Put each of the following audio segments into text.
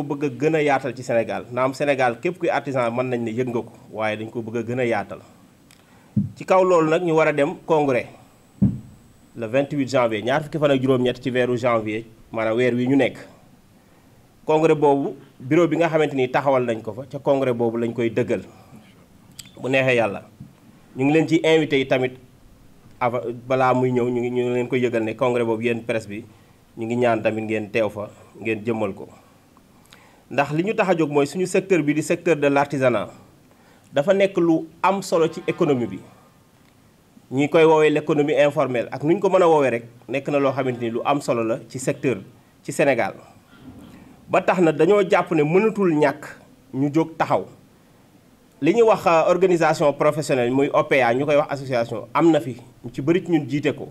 ko bëgg gën a yaatal ci Sénégal naam Sénégal képp kuy artisan mën nañ ne yëg nga ko waaye dañ ko bëgg a gën a ci kaw loolu nag ñu war a dem congrès le 28 janvier ñaar fukki fan ak juróom-ñett weeru janvier maanaam weer wi ñu nekk congrès boobu bureau bi nga xamante ni taxawal nañ ko fa ca congrès boobu lañ koy dëggal bu neexee yàlla ñu ngi leen ci invité yi tamit avant balaa muy ñëw ñu ngi ñu leen koy yëgal ne congrès boobu yéen presse bi ñu ngi ñaan tamit ngeen teew fa ngeen jëmmal ko ndax li ñu tax a jóg mooy suñu secteur bi di secteur de l'artisanat dafa nekk lu am solo ci économie bi ñi koy woowee l'économie informelle ak nu ñu ko mën a woowee rek nekk na loo xamante ni lu am solo la ci secteur ci Sénégal ba tax na dañoo jàpp ne mënatul ñàkk ñu jóg taxaw li ñuy wax euh, organisation professionnelle muy OPA ñu koy wax association am na fi ñu ci bëri ci ñu jiite ko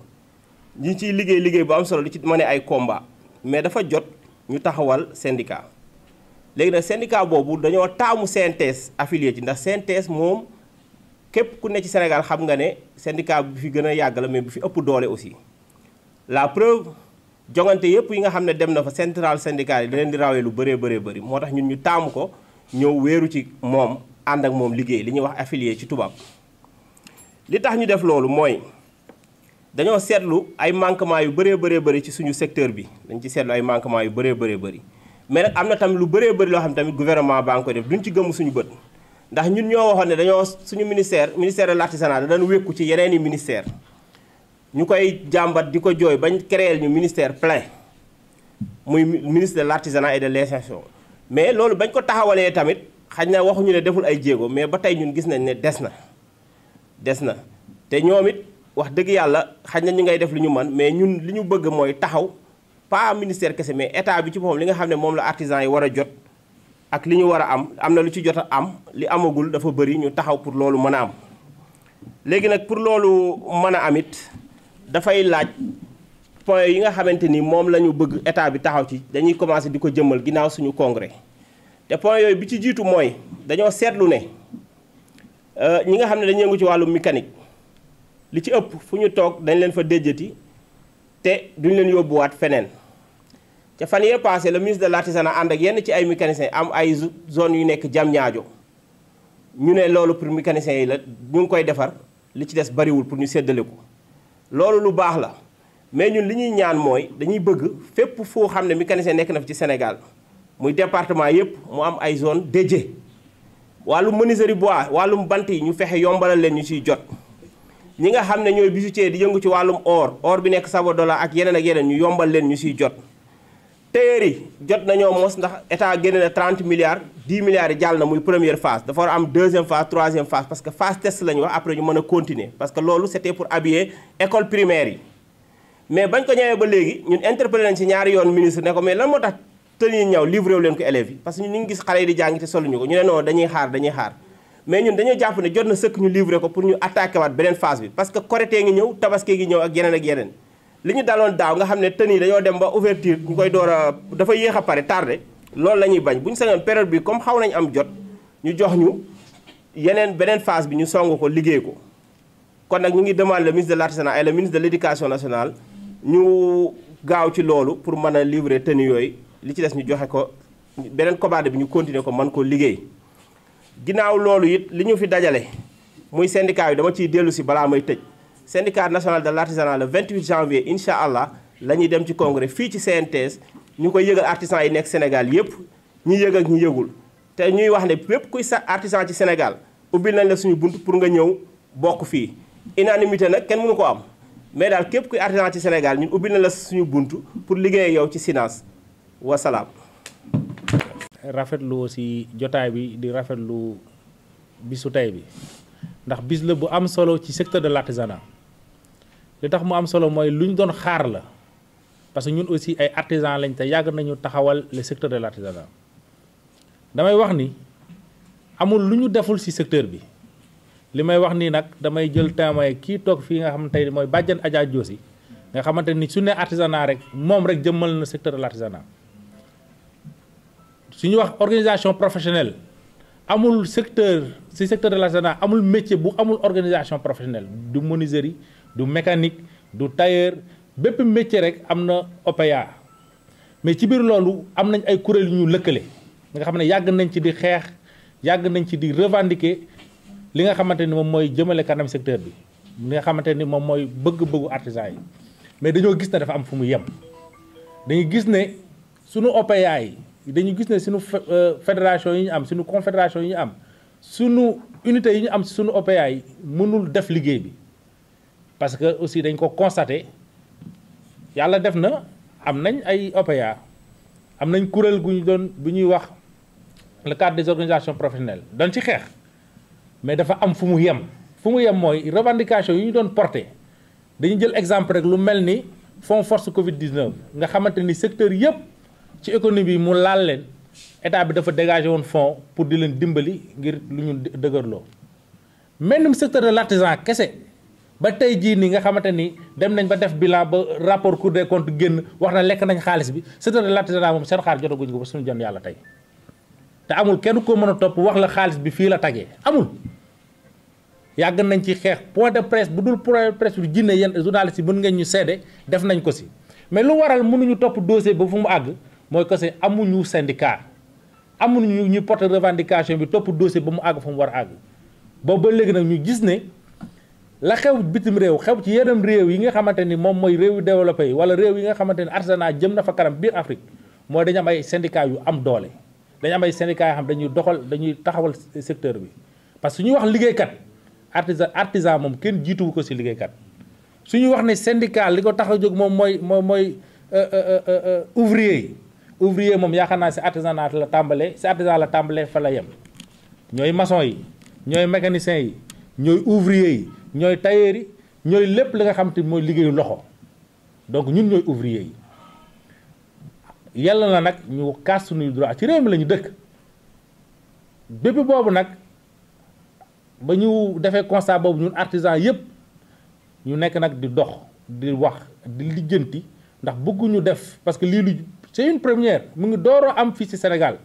ñu ciy liggéey liggéey bu am solo di ci ma ne ay combat mais dafa jot ñu taxawal syndicat léegi nag syndicat boobu dañoo taamu CNTS affilié ci ndax CNTS moom képp ku ne ci Sénégal xam nga ne syndicat bi fi gën a yàgg la mais bu fi ëpp doole aussi la preuve jongante yëpp yi nga xam ne dem na fa central syndicat yi da di rawee lu bëree bëree bari moo tax ñun ñu taamu ko ñëw wéeru ci moom ànd ak moom liggéey li ñuy wax affilié ci tubaab li tax ñu def loolu mooy dañoo seetlu ay manquement yu bëree bëree bari ci suñu secteur bi dañ ci seetlu ay manquement yu bëree bëree bëri mais am na tamit lu bëree bëri loo xam ne tamit gouvernement baa ngi koy def duñ ci gëmm suñu bët ndax ñun ñoo waxoon ne dañoo suñu ministère ministère de l'artisanat wékku ci yeneen i ministère ñu koy jàmbat di ko jooy bañ créer ñu ministère plein muy ministre de l'artisanat et de l'insertion mais loolu bañ ko taxawalee tamit xañ na waxuñu ne deful ay jéego mais ba tey ñun gis nañ ne des na des na te ñoom it wax dëgg yàlla xañ na ñu ngay def lu ñu man mais ñun li ñu bëgg mooy taxaw paa ministère kese mais état bi ci moom li nga xam ne moom la artisan yi war a jot ak li ñu war a am am na lu ci jot a am li amagul dafa bëri ñu taxaw pour loolu mën a am léegi nag pour loolu mën a am it dafay laaj point yi nga xamante ni moom la ñu bëgg état bi taxaw ci dañuy commencé di ko jëmmal ginnaaw suñu congrès te point yooyu bi ci jiitu mooy dañoo seetlu ne euh, ñi nga xam ne dañu yëngu ci wàllu mécanique li ci ëpp fu ñu toog dañ leen fa déjjati te duñ leen yóbbuwaat feneen ca fan yee passé le ministre de l'artisanat ànd ak yenn ci ay mécaniciens am ay zone yu nekk jam ñaajo ñu ne loolu pour mécaniciens yi la ñu ngi koy defar li ci des bariwul pour ñu séddale ko loolu lu baax la mais ñun li ñuy ñaan mooy dañuy bëgg fépp foo xam ne mécanicien nekk na fi ci Sénégal muy département yépp mu am ay zone dédiée wàllum menuiserie bois wàllum bant yi ñu fexe yombalal leen ñu siy jot ñi nga xam ne ñooy bijoutier di yëngu ci wàllum or or bi nekk Sabodala ak yeneen ak yeneen ñu yombal leen ñu ciy jot téyeer yi jot nañoo mos ndax état génne na 30 milliards 10 milliards yi jàll na muy première phase dafa war a am deuxième phase troisième phase parce que test la wax après ñu mën a continuer parce que loolu c'était pour habiller école primaire yi mais bañ ko ñëwee ba léegi ñun interpellé ci ñaari yoon ministre ne ko mais lan moo tax tëni ñaw livré wu leen ko élèves yi parce que ñun ñu ngi gis xale yi di jàng soluñu ko ñu ne non dañuy xaar dañuy xaar mais ñun ñu livré ko pour ñu attaqué waat beneen ñëw Tabaski gi ñëw ak yeneen li ñu daloon daaw nga xam ne tenue dañoo dem ba ouverture ñu koy door a dafa yéex a pare tardé loolu la ñuy bañ bu ñu sañoon période bi comme xaw nañ am jot ñu jox ñu yeneen beneen phase bi ñu song ko liggéey ko kon nag ñu ngi demande le ministre de l'artisanat et le ministre de l'éducation nationale ñu gaaw ci loolu pour mën a livrer tenue yooyu li ci des ñu joxe ko beneen commande bi ñu continuer ko mën ko liggéey ginnaaw loolu it li ñu fi dajale muy syndicat yi dama ciy dellu si balaa may tëj syndicat national de l'artisanat le 28 janvier inshallah lañu dem ci congrès fi ci CNTS ñu koy yëgal artisan yi nekk Sénégal yépp ñi yëg ak ñi yëgul té ñuy wax né bépp kuy sa artisan ci Sénégal ubil nañ la suñu buntu pour nga ñëw bokk fi unanimité nak kenn mënu ko am mais dal képp kuy artisan ci Sénégal ñun ubil nañ la suñu buntu pour liggéey yow ci SYNAS wasalaam rafetlu aussi jotaay bi di rafetlu bisu tay bi ndax bis la bu am solo ci secteur de l'artisanat li tax mu am solo mooy lu ñu doon xaar la parce que ñun aussi ay artisans lañ te yàgg nañu taxawal le secteur de l' artisanat damay wax ni amul lu ñu deful ci secteur bi li may wax nii nag damay jël témoin kii toog fii nga xam tey mooy bàjjan Adja Diosi nga xamante ni su ne artisanat rek moom rek jëmmal na secteur de l' su ñu wax organisation professionnelle amul secteur ci secteur de l'artisanat amul métier bu amul organisation professionnelle du menuiserie du mécanique du tailleur bépp métier rek am na OPEA mais ci biir loolu am nañ ay kuréel yu ñu lëkkale nga xam ne yàgg nañ ci di xeex yàgg nañ ci di revendiquer li nga xamante ni moom mooy jëmale kanam secteur bi li nga xamante ni moom mooy bëgg-bëggu artisan yi mais dañoo gis ne dafa am fu mu yem dañu gis ne sunu OPEA yi dañu gis ne suñu euh, fédération yi ñu am suñu confédération yi ñu am suñu unité yi ñu am suñu OPEA yi mënul def liggéey bi parce que aussi dañ ko constaté yalla def na am nañ ay OPA am nañ kuréel gu ñu doon wax le cadre des organisations professionnelles don ci xex mais dafa am fumu yam fumu yam moy revendication yi ñu don porter dañu jël exemple rek lu melni ni fonds force Covid 19 nga xamanteni secteur yépp ci économie mu laal leen état bi dafa dégager won fonds pour di leen dimbali ngir lu ñu dëgërloo même secteur de l'artisan kese. ba tey jii nii nga xamante ni dem nañ ba def bilan ba rapport cour des comptes génn wax na lekk nañ xaalis bi sa dëgg laata dana moom seen xaar jotaguñ ko ba suñu jan yàlla tey te amul kenn ko mën a topp wax la xaalis bi fii la tagee amul yàgg nañ ci xeex point de presse bu dul point de presse bi jinne yenn journaliste yi mën ngeen ñu seede def nañ ko si mais lu waral mënuñu topp dossier ba fu mu àgg mooy que c' amuñu syndicat amuñu ñu porte revendication bi topp dossier ba mu àgg fu mu war àgg ba ba léegi nag ñu gis ne la xew bitim réew xew ci yeneen réew yi nga xamante ni moom mooy réew yu développé yi wala réew yi nga xamante ni artisanat jëm na fa kanam biir Afrique mooy dañu am ay syndicats yu am doole dañu am ay syndicats yoo xam dañuy doxal dañuy taxawal secteur bi parce que su ñuy wax liggéeykat artisan artisan moom kenn jiituwu ko si liggéeykat su ñu wax ne syndicat li ko tax a jóg moom mooy moom mooy euh, euh, euh, ouvrier yi ouvrier moom yaakaar naa si artisanat la tàmbalee si artisan la tàmbalee fa la yem ñooy maçon yi ñooy mécanicien yi ñooy ouvrier yi ñooy tailleur yi ñooy lépp li nga xam te mooy liggéeyu loxo donc ñun ñooy ouvrier yi yàlla na nag ñu kaas suñuy droit ci réew mi la ñu dëkk bépp boobu nag ba ñu defee constat boobu ñun artisan yépp ñu nekk nag di dox di wax di lijjanti ndax bëgguñu def parce que lii lu c'est une première mu ngi door a am fii ci Sénégal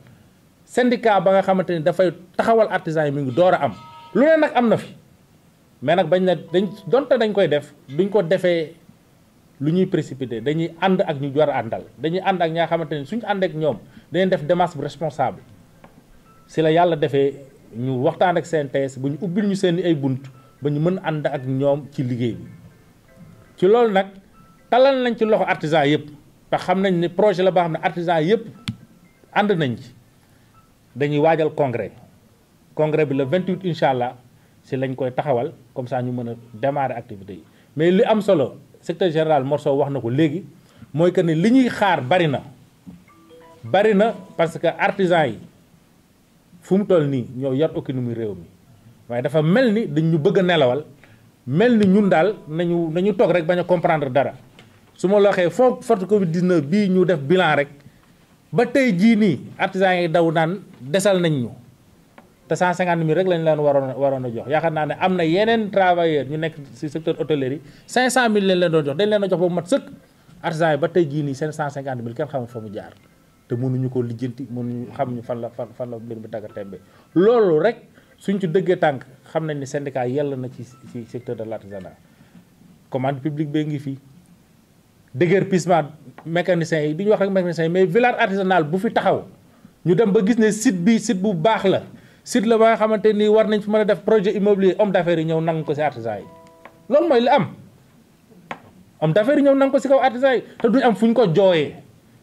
syndicat ba nga xamante ni dafay taxawal artisan yi mu ngi door a am lu ne nag am na fi mais nag bañ ne dañ donte dañ koy def duñ ko defee lu ñuy précipité dañuy ànd ak ñu jar àndal dañuy ànd ak ñaa xamante ni suñ ànde ak ñoom dañuy def démarche bu responsable si la yàlla defee ñu waxtaan ak seen tees bu ñu ubbil ñu seen ay bunt ba ñu mën ànd ak ñoom ci liggéey bi ci loolu nag talal nañ ci loxo artisan yépp te xam nañ ni projet la ba xam ne artisan yépp ànd nañ ci dañuy waajal congrès congrès bi le 28 inshallah si lañ koy taxawal comme ça ñu mën a démarrer activité yi mais li am solo secteur général morso wax na ko léegi mooy que ne li ñuy xaar bari na bari na parce que artisan yi fu mu toll nii ñoo yor économie réew mi waaye dafa mel ni dañ ñu bëgg a nelawal mel ni ñun daal nañu nañu toog rek bañ a comprendre dara su ma la waxee foo forte Covid 19 bii ñu def bilan rek ba tey jii nii artisan yi daw naan desal nañ te 150 mille rek lañ leen waroon a waroon a jox yaakaar naa ne am na yeneen travailleurs ñu nekk si secteur hôtellerie 500 mille lañ leen doon jox dañ leen a jox ba mu mat sëkk artisan ba tey jii nii seen 150 mille kenn xamul fa mu jaar te mënuñu ko lijjanti mënuñu xamuñu fan la fan fan la mbir mi tagga tembe loolu rek suñ ci dëggee tànk xam nañ ni syndicat yell na ci ci secteur de l' artisanat commande publique bee ngi fii déguerpissement mécanicien yi du ñu wax rek mécanicien yi mais village bu fi taxaw ñu dem ba gis ne site bi site bu baax la site la ba nga xamante ni war nañ fi mën a def projet immobilier om d'affaires yi ñëw nangu ko si artisan yi loolu mooy li am om d'affaires ñëw nangu ko si kaw artisan yi te duñu am fu ñu ko jooyee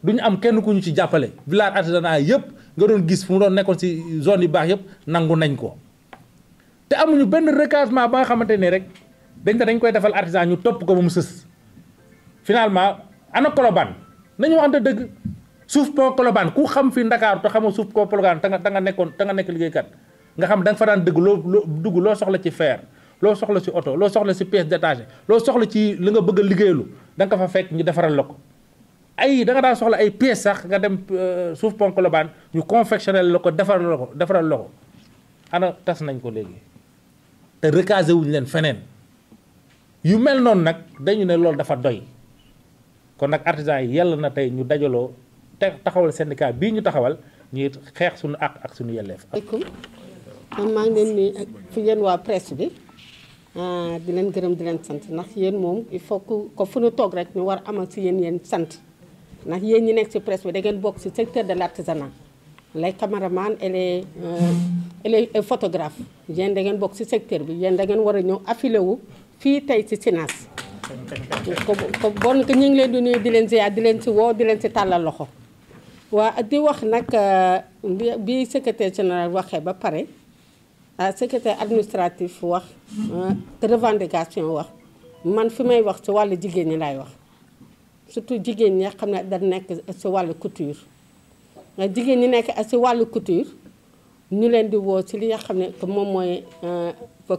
duñu am kenn ku ñu ci jàppale village artisanat yëpp nga doon gis fu mu doon nekkoon ci zone yu baax yëpp nangu nañ ko te amuñu benn recasement ba nga xamante ni rek dañ ne dañ koy defal artisan ñu topp ko ba mu sës finalement ana Colobane nañu waxante dëgg suuf pont Colobane ku xam fi Ndakaaru te xamoo suuf pont Colobane te nga te nga nekkoon te nga nekk liggéeykat nga xam da nga fa daan dëgg loo loo dugg loo soxla ci fer loo soxla si oto loo soxla si pièce détachée loo soxla ci li nga bëgg liggéeylu danga ko fa fekk ñu defaral la ko ay da nga daan soxla ay pièces sax nga dem euh, suuf pont Colobane ñu confectionné la ko defaral la ko defaral la ana tas nañ ko léegi te recasé wuñ leen feneen yu mel noonu nag dañu ne loolu dafa doy kon nag artisan yi yàlla na tey ñu dajaloo taxawal syndicat bii ñu taxawal ñuy xeex suñu àq ak suñu yelleef. asalaamaaleykum man maa ngi leen nuyu ak fi yéen waa presse bi ah, di leen gërëm di leen sant ndax yéen moom il faut que ko fu ñu toog rek ñu war a amal si yéen yéen sant ndax yéen ñu nekk si presse bi da ngeen bokk si secteur de l' artisanat les caméramans et les euh, et les photographes yéen da ngeen bokk si secteur bi yéen da ngeen war a ñëw affilé wu fii tey si SYNAS. ko ko bon ñu ngi leen du nuyu di leen ziar di leen si woo di leen si tàllal loxo. waa di wax nag euh, bi secrétaire général waxee ba pare euh, secrétaire administratif wax euh, revendication wax man fi may wax ci wàllu jigéen ñi laay wax surtout jigéen ñi xam ne da nekk ci wàllu couture jigéen ñi nekk ci wàllu couture ñu leen di woo ci li nga xam ne moom mooy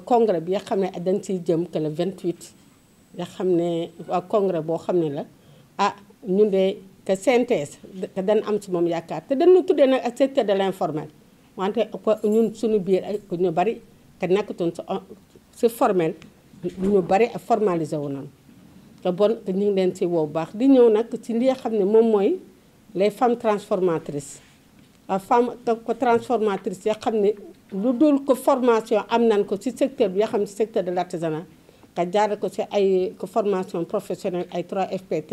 congrès bi nga xam ne dañ ciy jëm que vingt 28 nga xam ne waa congrès boo xam ne la ah ñu de que CNTS que dañ am ci moom yaakaar te dañu tuddee nag secteur de l' informel wante ñun suñu biir ay ñu bari que nekkatuñ si si formel ñu bari formalisé wu nañu te bon ñu ngi leen si woo bu di ñëw nag ci li nga xam ne les femmes transformatrices a femme ko transformatrice ya xam lu dul ko formation am nañ ko ci secteur bi xam ne secteur de l' artisanat nga ko si ay ko formation professionnelle ay 3 FPT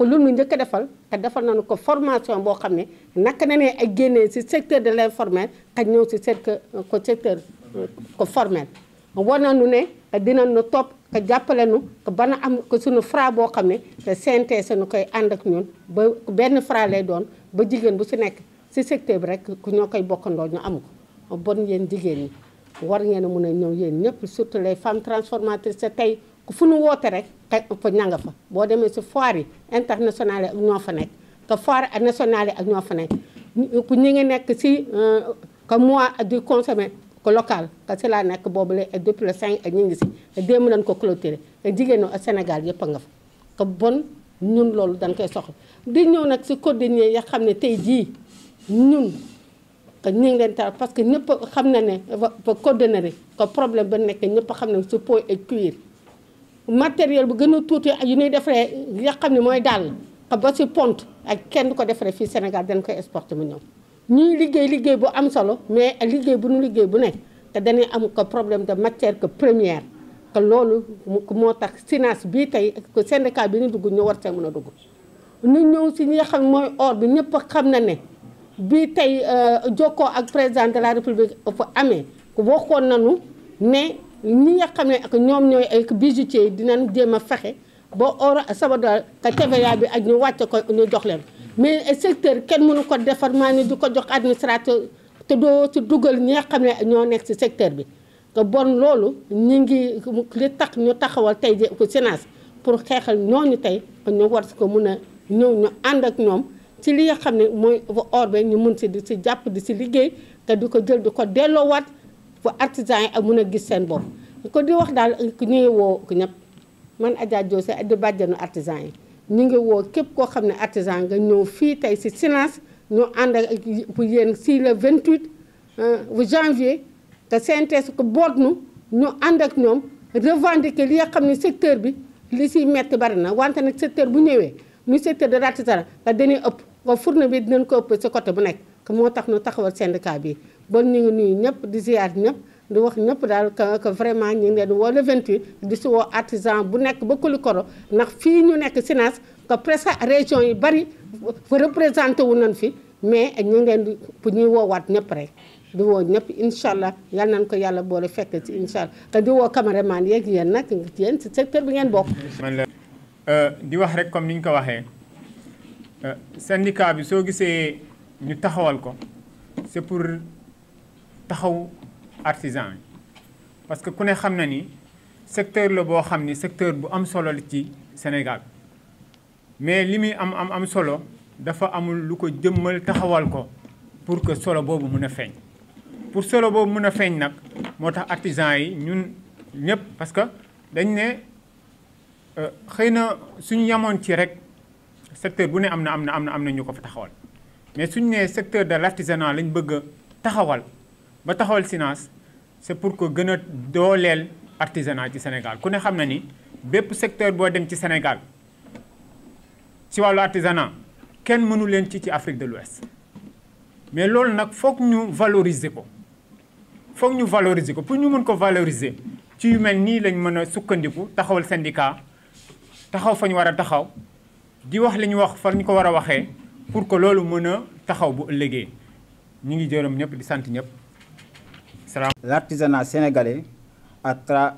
lu nu njëkk defal te defal nañu ko formation boo xam ne naka na ne ay génnee si secteur de l' informel xaj ñëw si secteur ko secteur ko formel war nañu ne dina nu topp ka jàppale nu que bana am ko sunu fra boo xam ne te CNTS nu koy ànd ak ñun ba benn fra lay doon ba jigéen bu si nekk si secteur bi rek ku ñoo koy bokkandoo ñu am ko bon yéen jigéen ñi war ngeen a mun a ñëw yéen ñëpp surtout les femmes transformatrices te tey fu nu woote rek fa ña nga fa boo demee si foire yi internationale yi ak ñoo fa nekk te ak nationale yi ak ñoo fa nekk ku ñu ngi nekk si euh, que mois du consommer ko local que si laa nekk boobu la et depuis le cinq ak ñu ngi si te démb ko clôturer te jigéenu Sénégal yëpp a fa que bon ñun loolu dañ koy soxla di ñëw nag si coordonnées ya xam ne tey jii ñun que ñu leen taal parce que ñëpp xam na ne ba coordonné que problème ba nekk ñëpp xam ne si peau et cuir matériel bu gën a tuuti yu ñuy defaree nga xam ne mooy dàll ba si pont ak kenn ko defaree fii Sénégal dañ koy exporté mu ñëw ñuy liggéey liggéey bu am solo mais liggéey bu nu liggéey bu nekk te dañuy am ko problème de matière que première que loolu moo tax SYNAS bii tey que syndicat bi ñu dugg ñu war see mën a dugg nu ñëw si ñi nga xam mooy or bi ñëpp xam na ne bii tey euh, jokkoo ak président de la république fu amee waxoon nañu ne ñi nga xam ne ak ñoom ñooy ay bijoutiers yi dinañ jéem a fexe boo or sabador te TVA bi ak ñu wàcce ko ñu jox leen mais secteur kenn mënu ko defar maa ni du ko jox administrateur te doo ci dugal ñi nga xam ne ñoo nekk ci secteur bi te bon loolu ñi ngi li tax ñu taxawal tey ji ko sénage pour xeexal ñooñu tey ñu war si ko mun a ñëw ñu ànd ak ñoom ci li nga xam ne mooy or be ñu mun si di ci jàpp di si liggéey te di ko jël di ko delloowaat fu artisan yi ak mun a gis seen bopp ko di wax daal ku ñu woo ko ñëpp man Adja Diose di bàjjanu artisan yi ñu ngi woo képp koo xam ne artisan nga ñëw fii tey si silence ñu ànd ak yéen si le 28 euh, janvier te CNTS ko boot nu ñu ànd ak ñoom revendiquer li nga xam ne secteur bi li siy metti bari na wante nag secteur bu ñëwee muy secteur de l'artisanat dañuy ëpp wa fourne bi dinañ ko ëpp si côté bu nekk moo tax nu taxawal syndicat bi bon ñu ngi nuyu ñëpp di ziar ñëpp di wax ñëpp daal que vraiment ñu ngi leen di woo le 28 di si woo artisan bu nekk ba Koulikoro ndax fii ñu nekk Sinaas que presque région yi bari représenté wu nañ fi mais ñu ngeen di pour ñuy woowaat ñëpp rek. di woo ñëpp incha allah yal nañu ko yàlla boole fekk ci incha allah te di woo caméraman yeeg yéen nag yéen si secteur bi ngeen bokk. man la euh, di wax rek comme ni ñu ko waxee euh, syndicat bi soo gisee ñu taxawal ko c'est pour. taxaw artisan yi parce que ku ne xam na ni secteur la boo xam ni secteur bu am solo la ci Sénégal mais li muy am am am solo dafa amul lu ko jëmmal taxawal ko pour que solo boobu mën a feeñ pour solo boobu mën a feeñ nag moo tax artisan yi ñun ñëpp parce que dañ ne xëy na suñu yamoon ci rek secteur bu ne am na am na am na am na ñu ko fa taxawal mais suñu nee secteur de l'artisanat lañ bëgg a taxawal ba taxawal finance c'est pour que gën a dooleel artisanat ci sénégal ku ne xam na ni bépp secteur boo dem ci sénégal ci wàllu artisanat kenn mënu leen ci ci afrique de l' ouest mais loolu nag foog ñu valoriser ko foog ñu valoriser ko pour ñu mën ko valoriser ci yu mel nii lañ mën a sukkandiku taxawal syndicat taxaw fa ñu war a taxaw di wax li ñu wax fa ñu ko war a waxee pour que loolu mën a taxaw bu ëllëgee ñu ngi jërëm ñëpp di sant ñëpp L'artisanat sénégalais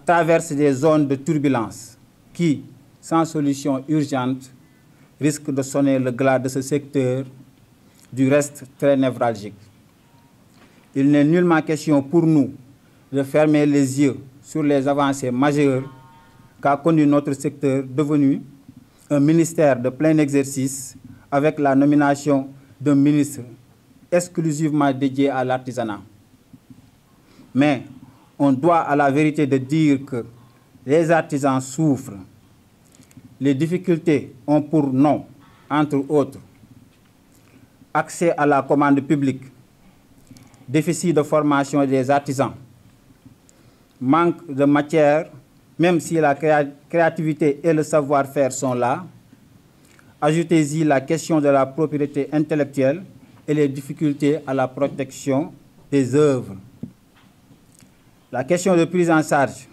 traverse des zones de turbulence qui, sans solution urgente, risquent de sonner le glas de ce secteur, du reste très névralgique. Il n'est nullement question pour nous de fermer les yeux sur les avancées majeures qu'a connu notre secteur devenu un ministère de plein exercice avec la nomination d'un ministre exclusivement dédié à l'artisanat. Mais on doit à la vérité de dire que les artisans souffrent. Les difficultés ont pour nom, entre autres, accès à la commande publique, déficit de formation des artisans, manque de matière, même si la créativité et le savoir-faire sont là. Ajoutez-y la question de la propriété intellectuelle et les difficultés à la protection des œuvres. La question de prise en charge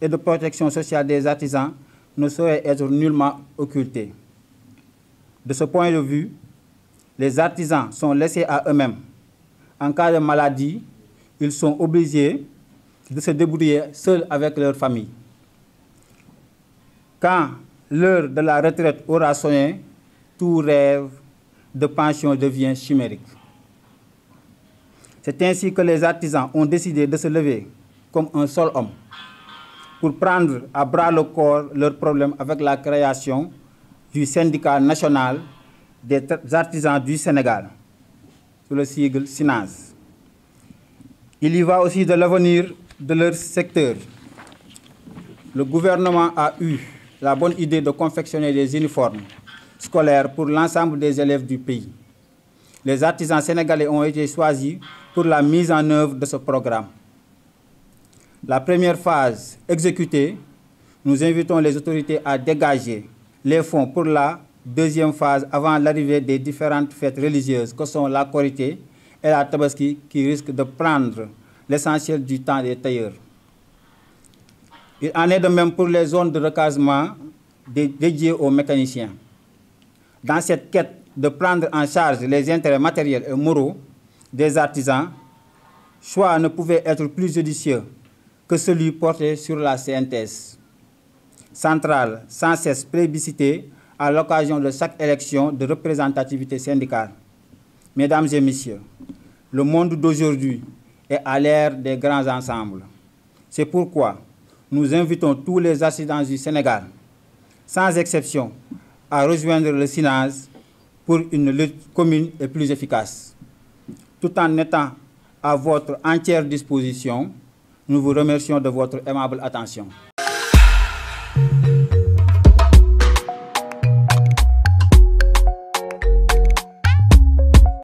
et de protection sociale des artisans ne saurait être nullement occultée. De ce point de vue, les artisans sont laissés à eux-mêmes. En cas de maladie, ils sont obligés de se débrouiller seuls avec leur famille. Quand l'heure de la retraite aura sonné, tout rêve de pension devient chimérique. C'est ainsi que les artisans ont décidé de se lever comme un seul homme pour prendre à bras le corps leurs problèmes avec la création du syndicat national des artisans du Sénégal, sous le sigle SINAS. Il y va aussi de l'avenir de leur secteur. Le gouvernement a eu la bonne idée de confectionner des uniformes scolaires pour l'ensemble des élèves du pays. Les artisans sénégalais ont été choisis pour la mise en œuvre de ce programme. La première phase exécutée, nous invitons les autorités à dégager les fonds pour la deuxième phase avant l'arrivée des différentes fêtes religieuses que sont la Corité et la Tabaski qui risquent de prendre l'essentiel du temps des tailleurs. Il en est de même pour les zones de recasement dédiées aux mécaniciens. Dans cette quête de prendre en charge les intérêts matériels et moraux des artisans, choix ne pouvait être plus judicieux que celui porté sur la CNTS, centrale sans cesse plébiscitée à l'occasion de chaque élection de représentativité syndicale. Mesdames et messieurs, le monde d'aujourd'hui est à l'ère des grands ensembles. C'est pourquoi nous invitons tous les assistants du Sénégal, sans exception, à rejoindre le SINAS pour une lutte commune et plus efficace. Tout en étant à votre entière disposition, nous vous remercions de votre aimable attention.